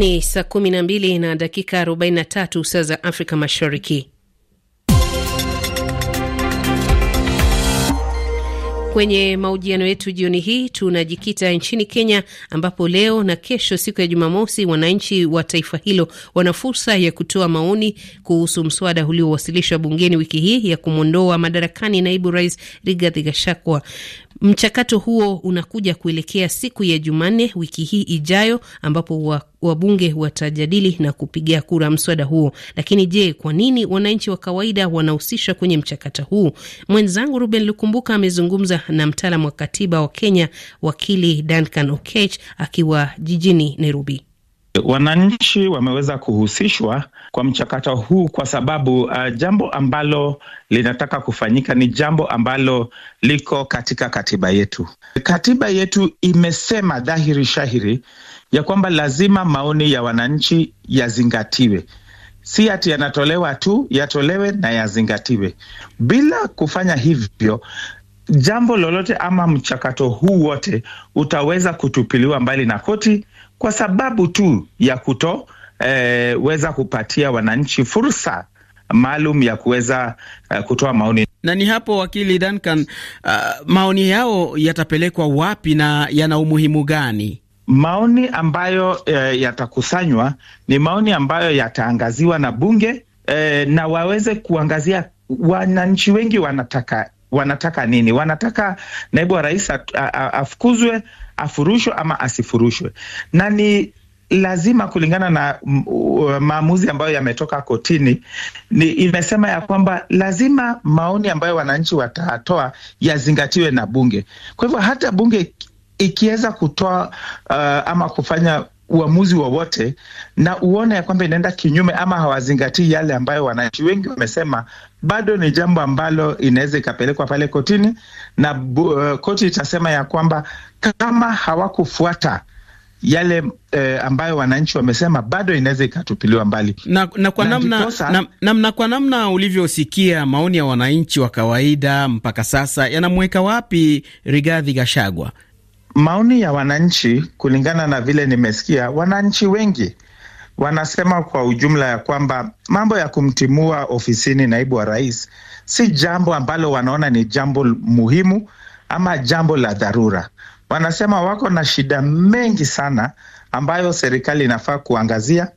Ni saa 12 na dakika 43 saa za Afrika Mashariki. Kwenye mahojiano yetu jioni hii tunajikita nchini Kenya, ambapo leo na kesho, siku ya Jumamosi, wananchi wa taifa hilo wana fursa ya kutoa maoni kuhusu mswada uliowasilishwa bungeni wiki hii ya kumwondoa madarakani naibu rais Rigathi Gachagua. Mchakato huo unakuja kuelekea siku ya Jumanne wiki hii ijayo, ambapo wabunge watajadili na kupigia kura mswada huo. Lakini je, kwa nini wananchi wa kawaida wanahusishwa kwenye mchakato huu? Mwenzangu Ruben Lukumbuka amezungumza na mtaalamu wa katiba wa Kenya, wakili Duncan Okech akiwa jijini Nairobi. Wananchi wameweza kuhusishwa kwa mchakato huu kwa sababu uh, jambo ambalo linataka kufanyika ni jambo ambalo liko katika katiba yetu. Katiba yetu imesema dhahiri shahiri ya kwamba lazima maoni ya wananchi yazingatiwe, si ati yanatolewa tu, yatolewe na yazingatiwe. Bila kufanya hivyo jambo lolote ama mchakato huu wote utaweza kutupiliwa mbali na koti kwa sababu tu ya kutoweza eh, kupatia wananchi fursa maalum ya kuweza uh, kutoa maoni. Na ni hapo wakili Duncan, uh, maoni yao yatapelekwa wapi na yana umuhimu gani? Maoni ambayo uh, yatakusanywa ni maoni ambayo yataangaziwa na bunge uh, na waweze kuangazia wananchi wengi wanataka wanataka nini? Wanataka naibu wa rais afukuzwe afurushwe ama asifurushwe, na ni lazima kulingana na maamuzi ambayo yametoka kotini, ni imesema ya kwamba lazima maoni ambayo wananchi watatoa yazingatiwe na bunge. Kwa hivyo hata bunge ikiweza kutoa uh, ama kufanya uamuzi wowote na uone ya kwamba inaenda kinyume ama hawazingatii yale ambayo wananchi wengi wamesema bado ni jambo ambalo inaweza ikapelekwa pale kotini na bu, uh, koti itasema ya kwamba kama hawakufuata yale e, ambayo wananchi wamesema bado inaweza ikatupiliwa mbali na, na kwa namna na, na, na, na kwa namna ulivyosikia maoni ya wananchi wa kawaida mpaka sasa yanamweka wapi Rigathi Gachagua? Maoni ya wananchi, kulingana na vile nimesikia, wananchi wengi wanasema kwa ujumla ya kwamba mambo ya kumtimua ofisini naibu wa rais si jambo ambalo wanaona ni jambo muhimu ama jambo la dharura. Wanasema wako na shida mengi sana ambayo serikali inafaa kuangazia.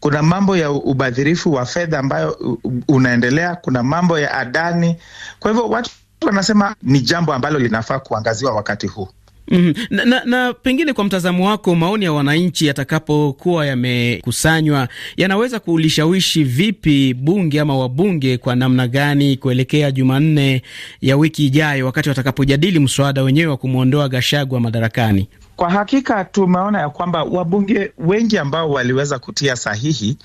Kuna mambo ya ubadhirifu wa fedha ambayo unaendelea, kuna mambo ya adani. Kwa hivyo watu wanasema ni jambo ambalo linafaa kuangaziwa wakati huu. Mm -hmm. Na, na, na pengine kwa mtazamo wako, maoni ya wananchi yatakapokuwa yamekusanywa yanaweza kulishawishi vipi bunge ama wabunge kwa namna gani kuelekea Jumanne ya wiki ijayo wakati watakapojadili mswada wenyewe wa kumwondoa Gashagwa madarakani? Kwa hakika tumeona ya kwamba wabunge wengi ambao waliweza kutia sahihi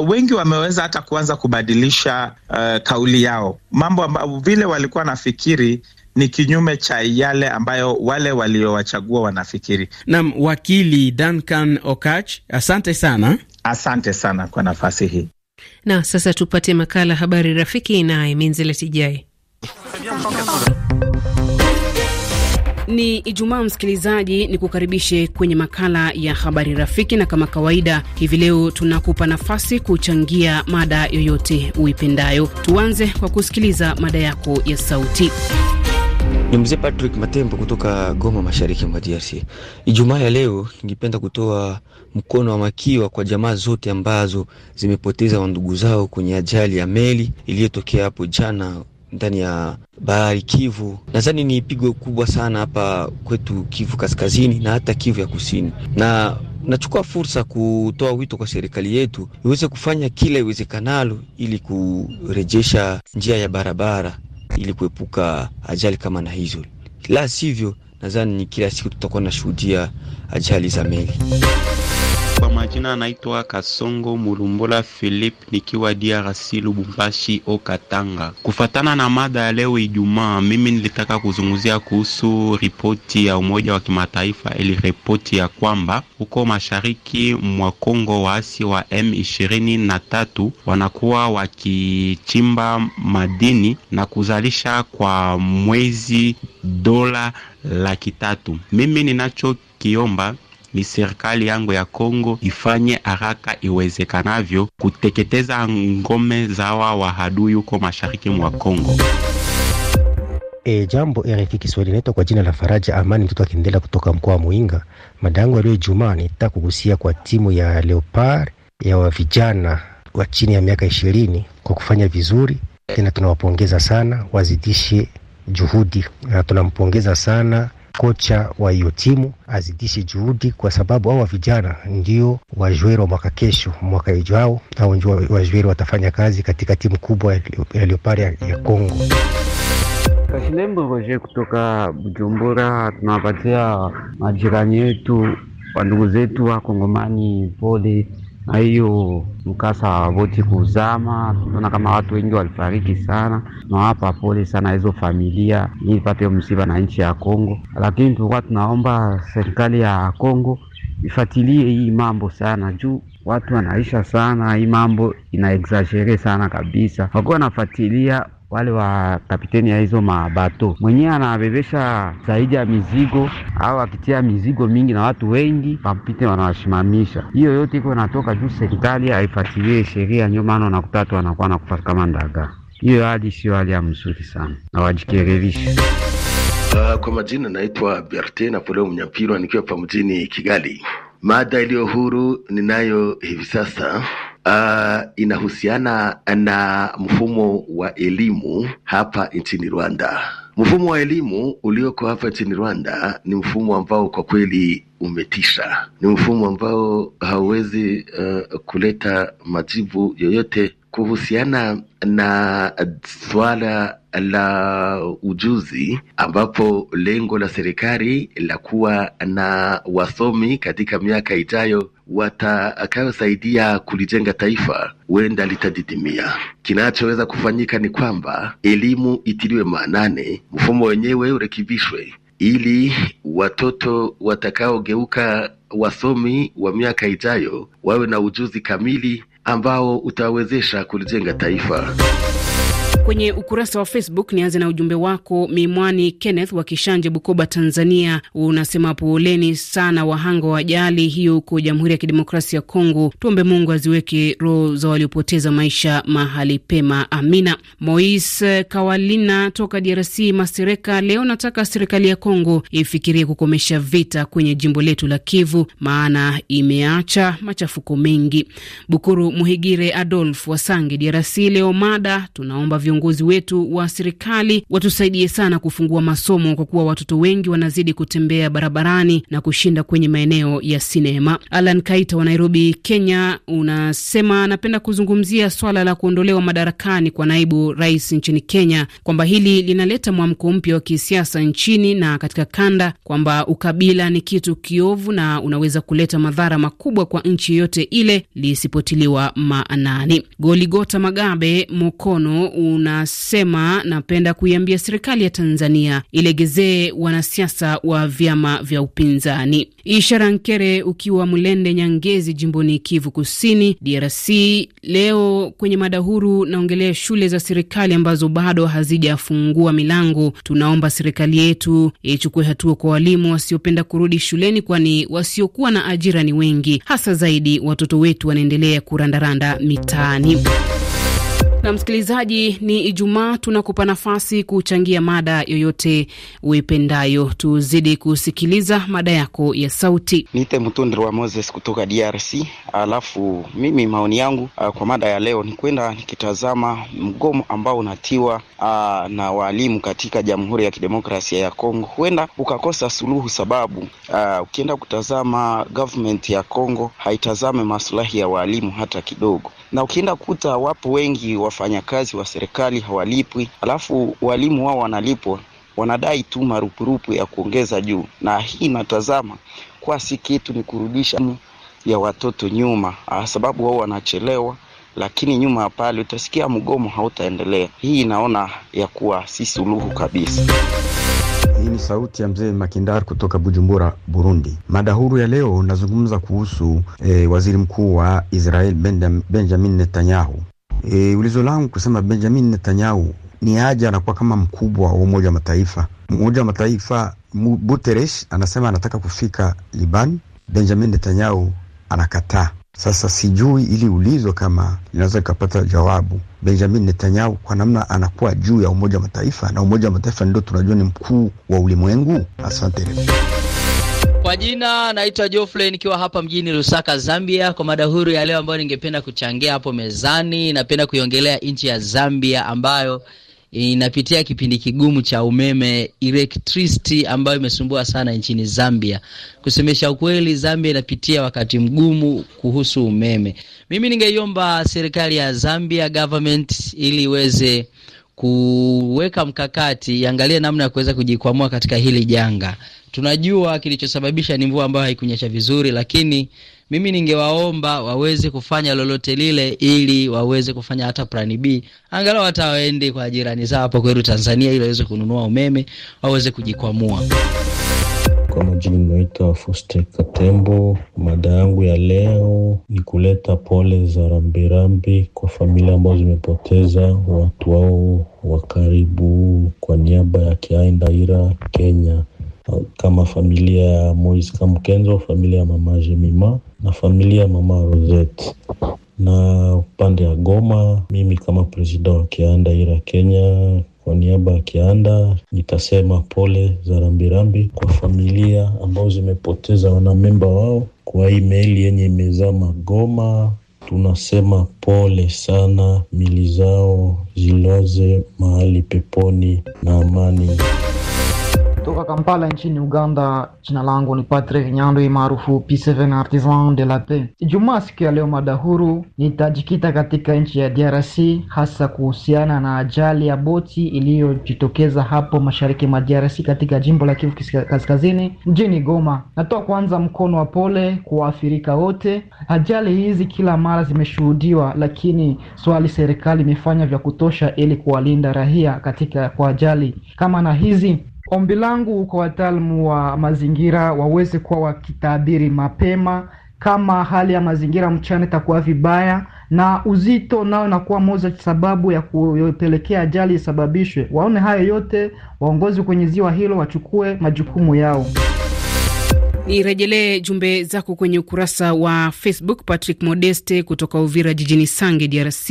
Uh, wengi wameweza hata kuanza kubadilisha uh, kauli yao, mambo ambayo vile walikuwa nafikiri ni kinyume cha yale ambayo wale waliowachagua wanafikiri. nam wakili Duncan Okach, asante sana. Asante sana kwa nafasi hii. Na sasa tupate makala Habari Rafiki naye minzeletijai Ni Ijumaa, msikilizaji, ni kukaribishe kwenye makala ya habari rafiki, na kama kawaida hivi leo tunakupa nafasi kuchangia mada yoyote uipendayo. Tuanze kwa kusikiliza mada yako ya sauti. Ni mzee Patrick Matembo kutoka Goma, mashariki mwa DRC. Ijumaa ya leo, ningependa kutoa mkono wa makiwa kwa jamaa zote ambazo zimepoteza wandugu zao kwenye ajali ya meli iliyotokea hapo jana ndani ya bahari Kivu. Nadhani ni pigo kubwa sana hapa kwetu Kivu kaskazini na hata Kivu ya kusini, na nachukua fursa kutoa wito kwa serikali yetu iweze kufanya kila iwezekanalo ili kurejesha njia ya barabara ili kuepuka ajali kama na hizo. La sivyo, nadhani kila siku tutakuwa nashuhudia ajali za meli. Kwa majina anaitwa Kasongo Mulumbola Philip, nikiwa DRC Lubumbashi okatanga Kufatana na mada ya leo Ijumaa, mimi nilitaka kuzungumzia kuhusu ripoti ya Umoja wa Kimataifa ripoti ya kwamba huko mashariki mwa Kongo waasi wa M23 wanakuwa wakichimba madini na kuzalisha kwa mwezi dola laki tatu. Mimi ninachokiomba ni serikali yangu ya Kongo ifanye haraka iwezekanavyo kuteketeza ngome zawa wa wahadui huko mashariki mwa Kongo. E, jambo RFI Kiswahili, naitwa kwa jina la Faraja Amani, mtoto akiendelea kutoka mkoa wa Muinga. Mada yangu leo Ijumaa nitaka kuhusia kwa timu ya Leopard ya wa vijana wa chini ya miaka ishirini kwa kufanya vizuri tena, tunawapongeza sana, wazidishe juhudi na tunampongeza sana kocha wa hiyo timu azidishe juhudi, kwa sababu hawa vijana ndio wajweri wa mwaka kesho, mwaka ijao, au ndio wajweri watafanya kazi katika timu kubwa ya ya Kongo. Kashilembo Roje kutoka Bujumbura, tunawapatia majirani yetu wandugu zetu wa Kongomani pole na hiyo mkasa wa boti kuzama, tunaona kama watu wengi walifariki sana, na hapa pole sana hizo familia ili ipate msiba na nchi ya Kongo. Lakini tulikuwa tunaomba serikali ya Kongo ifatilie hii mambo sana juu watu wanaisha sana, hii mambo ina exagere sana kabisa, wakuwa wanafatilia wale wa kapiteni ya hizo mabato mwenyewe anabebesha zaidi ya mizigo au akitia mizigo mingi na watu wengi pampite wanawashimamisha. Hiyo yote iko inatoka juu serikali haifuatilie sheria, ndio maana wanakuta watu wanakuwa nakufa kama ndaga. Hiyo hali sio hali ya mzuri sana na Uh, kwa majina naitwa Berte Napoleo Mnyapirwa nikiwa pa mjini Kigali. Mada iliyo huru ninayo hivi sasa Uh, inahusiana na mfumo wa elimu hapa nchini Rwanda. Mfumo wa elimu ulioko hapa nchini Rwanda ni mfumo ambao kwa kweli umetisha. Ni mfumo ambao hauwezi uh, kuleta majibu yoyote kuhusiana na swala la ujuzi, ambapo lengo la serikali la kuwa na wasomi katika miaka ijayo watakayosaidia kulijenga taifa huenda litadidimia. Kinachoweza kufanyika ni kwamba elimu itiliwe maanani, mfumo wenyewe urekebishwe ili watoto watakaogeuka wasomi wa miaka ijayo wawe na ujuzi kamili ambao utawezesha kulijenga taifa. Kwenye ukurasa wa Facebook, nianze na ujumbe wako Mimwani Kenneth wa Kishanje, Bukoba, Tanzania. Unasema poleni sana wahanga wa ajali hiyo huko Jamhuri ya Kidemokrasia ya Kongo. Tuombe Mungu aziweke roho za waliopoteza maisha mahali pema, amina. Mois Kawalina toka DRC, Masereka, leo nataka serikali ya Kongo ifikirie kukomesha vita kwenye jimbo letu la Kivu, maana imeacha machafuko mengi. Bukuru Muhigire Adolf Wasange, DRC, leo mada tunaomba viongozi viongozi wetu wa serikali watusaidie sana kufungua masomo, kwa kuwa watoto wengi wanazidi kutembea barabarani na kushinda kwenye maeneo ya sinema. Alan Kaita wa Nairobi, Kenya, unasema anapenda kuzungumzia swala la kuondolewa madarakani kwa naibu rais nchini Kenya, kwamba hili linaleta mwamko mpya wa kisiasa nchini na katika kanda, kwamba ukabila ni kitu kiovu na unaweza kuleta madhara makubwa kwa nchi yoyote ile lisipotiliwa maanani. Goligota Magabe Mokono unasema napenda kuiambia serikali ya Tanzania ilegezee wanasiasa wa vyama vya upinzani. Ishara Nkere ukiwa Mlende Nyangezi, jimboni Kivu Kusini, DRC. Leo kwenye mada huru naongelea shule za serikali ambazo bado hazijafungua milango. Tunaomba serikali yetu ichukue hatua kwa walimu wasiopenda kurudi shuleni, kwani wasiokuwa na ajira ni wengi, hasa zaidi watoto wetu wanaendelea kurandaranda mitaani. Na msikilizaji, ni Ijumaa, tunakupa nafasi kuchangia mada yoyote uipendayo. Tuzidi kusikiliza mada yako ya sauti. Niite Mtundri wa Moses kutoka DRC. Alafu mimi maoni yangu ah, kwa mada ya leo ni kwenda nikitazama mgomo ambao unatiwa uh, na waalimu katika Jamhuri ya Kidemokrasia ya Kongo, huenda ukakosa suluhu sababu uh, ukienda kutazama government ya Kongo haitazame maslahi ya waalimu hata kidogo, na ukienda kuta wapo wengi wa wafanyakazi wa serikali hawalipwi, alafu walimu wao wanalipwa, wanadai tu marupurupu ya kuongeza juu, na hii natazama kwa si kitu, ni kurudisha ya watoto nyuma, ah, sababu wao wanachelewa lakini nyuma ya pale utasikia mgomo hautaendelea. Hii inaona ya kuwa si suluhu kabisa. Hii ni sauti ya mzee Makindar kutoka Bujumbura, Burundi. Mada huru ya leo nazungumza kuhusu eh, waziri mkuu wa Israel Benjamin Netanyahu E, ulizo langu kusema Benjamin Netanyahu ni haja anakuwa kama mkubwa wa Umoja wa Mataifa. Umoja wa Mataifa, Guterres anasema anataka kufika Liban, Benjamin Netanyahu anakataa. Sasa sijui ili ulizo kama linaweza ikapata jawabu. Benjamin Netanyahu kwa namna anakuwa juu ya Umoja wa Mataifa na Umoja wa Mataifa ndio tunajua ni mkuu wa ulimwengu. Asante. Kwa jina naitwa Geoffrey nikiwa hapa mjini Lusaka, Zambia. Kwa mada huru ya leo ambayo ningependa kuchangia hapo mezani, napenda kuiongelea nchi ya Zambia ambayo inapitia kipindi kigumu cha umeme electricity ambayo imesumbua sana nchini Zambia. Kusemesha ukweli, Zambia inapitia wakati mgumu kuhusu umeme. Mimi ningeiomba serikali ya Zambia government ili iweze kuweka mkakati iangalie namna ya kuweza kujikwamua katika hili janga. Tunajua kilichosababisha ni mvua ambayo haikunyesha vizuri, lakini mimi ningewaomba waweze kufanya lolote lile, ili waweze kufanya hata plani B, angalau hata waende kwa jirani zao hapo kwetu Tanzania, ili waweze kununua umeme, waweze kujikwamua. Kwa majina naitwa Foster Katembo. Mada yangu ya leo ni kuleta pole za rambirambi kwa familia ambazo zimepoteza watu wao wa karibu, kwa niaba ya Kiai Kenya, kama familia ya Moise Kamkenzo, familia ya mama Jemima na familia ya mama Rosette na upande ya Goma, mimi kama prezida wa ira Kenya kwa niaba ya Kianda nitasema pole za rambirambi kwa familia ambao zimepoteza wanamemba wao kwa hii meli yenye imezama Goma. Tunasema pole sana, mili zao ziloze mahali peponi na amani kutoka Kampala nchini Uganda, jina langu ni Patrick Nyandwi maarufu P7 Artisan de la Paix. Ijumaa siku ya leo, mada huru nitajikita katika nchi ya DRC, hasa kuhusiana na ajali ya boti iliyojitokeza hapo mashariki mwa DRC katika jimbo la Kivu Kaskazini mjini Goma. Natoa kwanza mkono wa pole kwa waathirika wote. Ajali hizi kila mara zimeshuhudiwa, lakini swali, serikali imefanya vya kutosha ili kuwalinda raia katika kwa ajali kama na hizi? Ombi langu kwa wataalamu wa mazingira waweze kuwa wakitabiri mapema kama hali ya mazingira mchana itakuwa vibaya na uzito nao nakuwa moja sababu ya kupelekea ajali isababishwe. Waone hayo yote, waongozi kwenye ziwa hilo wachukue majukumu yao. Nirejelee jumbe zako kwenye ukurasa wa Facebook. Patrick Modeste kutoka Uvira jijini Sange, DRC,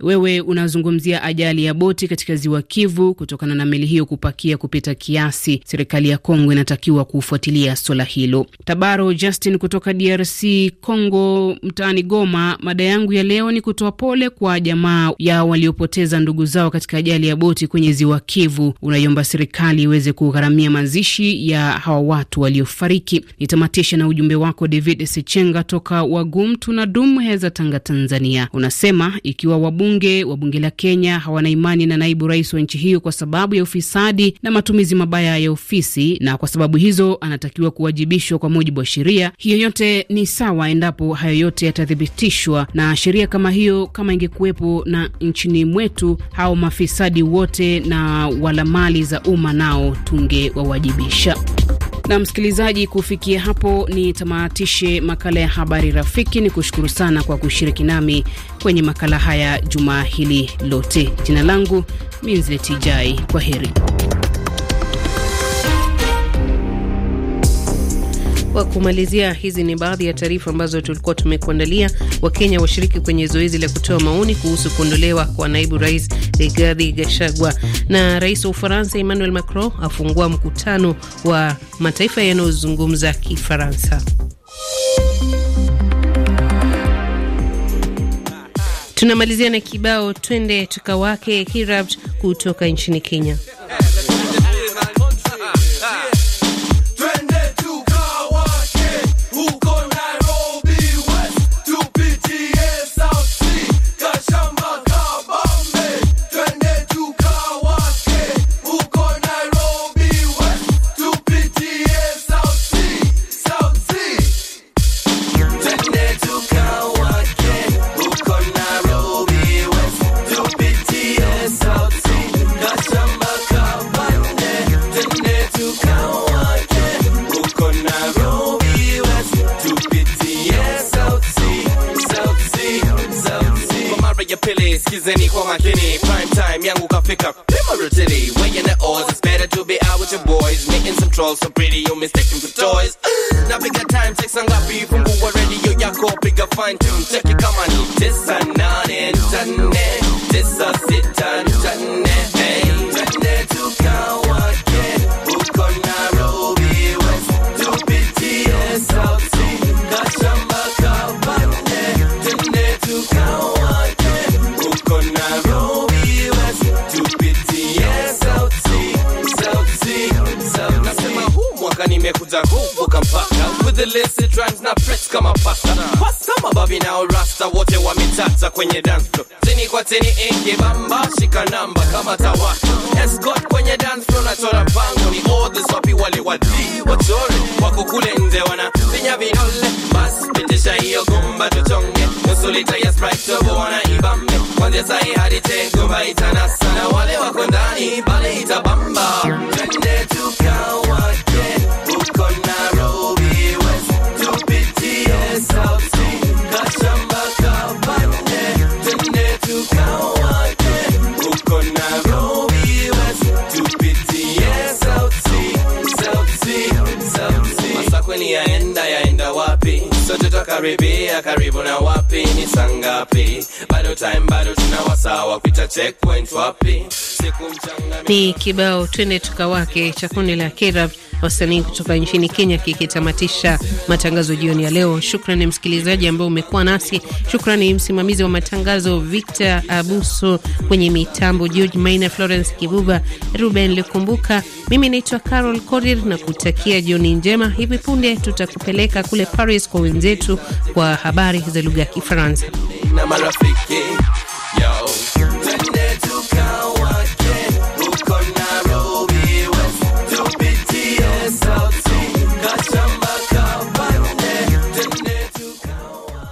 wewe unazungumzia ajali ya boti katika ziwa Kivu kutokana na meli hiyo kupakia kupita kiasi. Serikali ya Kongo inatakiwa kufuatilia swala hilo. Tabaro Justin kutoka DRC Kongo, mtaani Goma, mada yangu ya leo ni kutoa pole kwa jamaa ya waliopoteza ndugu zao katika ajali ya boti kwenye ziwa Kivu. Unaiomba serikali iweze kugharamia mazishi ya hawa watu waliofariki. Nitamatisha na ujumbe wako David Sechenga toka Wagum tunadum Heza, Tanga, Tanzania. Unasema ikiwa wabunge wa bunge la Kenya hawana imani na naibu rais wa nchi hiyo kwa sababu ya ufisadi na matumizi mabaya ya ofisi, na kwa sababu hizo anatakiwa kuwajibishwa kwa mujibu wa sheria. Hiyo yote ni sawa endapo hayo yote yatathibitishwa na sheria kama hiyo, kama ingekuwepo na nchini mwetu, hao mafisadi wote na wala mali za umma nao tungewawajibisha. Na msikilizaji, kufikia hapo ni tamatishe makala ya habari rafiki. Ni kushukuru sana kwa kushiriki nami kwenye makala haya jumaa hili lote. Jina langu Minzletijai, kwa heri. Kwa kumalizia, hizi ni baadhi ya taarifa ambazo tulikuwa tumekuandalia. Wakenya washiriki kwenye zoezi la kutoa maoni kuhusu kuondolewa kwa naibu rais Rigathi Gachagua, na rais wa Ufaransa Emmanuel Macron afungua mkutano wa mataifa yanayozungumza Kifaransa. Tunamalizia na kibao twende tukawake Kirabt kutoka nchini Kenya. with your boys. Making some trolls so pretty, you mistaken for toys. now bigger time, take some beef from who already. Yo, ya go bigger fine tune. check it, come on, this and not internet. mpaka nimekuja kuvuka mpaka with illicit rhymes na press kama pasta pasta babi na rasta wote wametata kwenye dance floor tini kwa tini inge bamba shika namba kama tawaka escort kwenye dance floor na nachora pango ni all the sopi wale wadi wachore wako kule nje wana vinya vinole bas pitisha hiyo gumba tuchonge nusulita ya sprite tobo wana ibambe kwanzia sahi hadi tengumba itanasa na wale wako ndani pale itabamba tende tukawa karibia karibu na wapi ni sangapi bado time bado tunawasawa pita checkpoint wapi Ni kibao twende tukawake cha kundi la Kerab, wasanii kutoka nchini Kenya, kikitamatisha matangazo jioni ya leo. Shukrani msikilizaji ambaye umekuwa nasi. Shukrani msimamizi wa matangazo Victor Abuso, kwenye mitambo George Maina, Florence Kibuba, Ruben Likumbuka. Mimi naitwa Carol Korir na kutakia jioni njema. Hivi punde tutakupeleka kule Paris kwa wenzetu kwa habari za lugha ya Kifaransa na marafiki yo.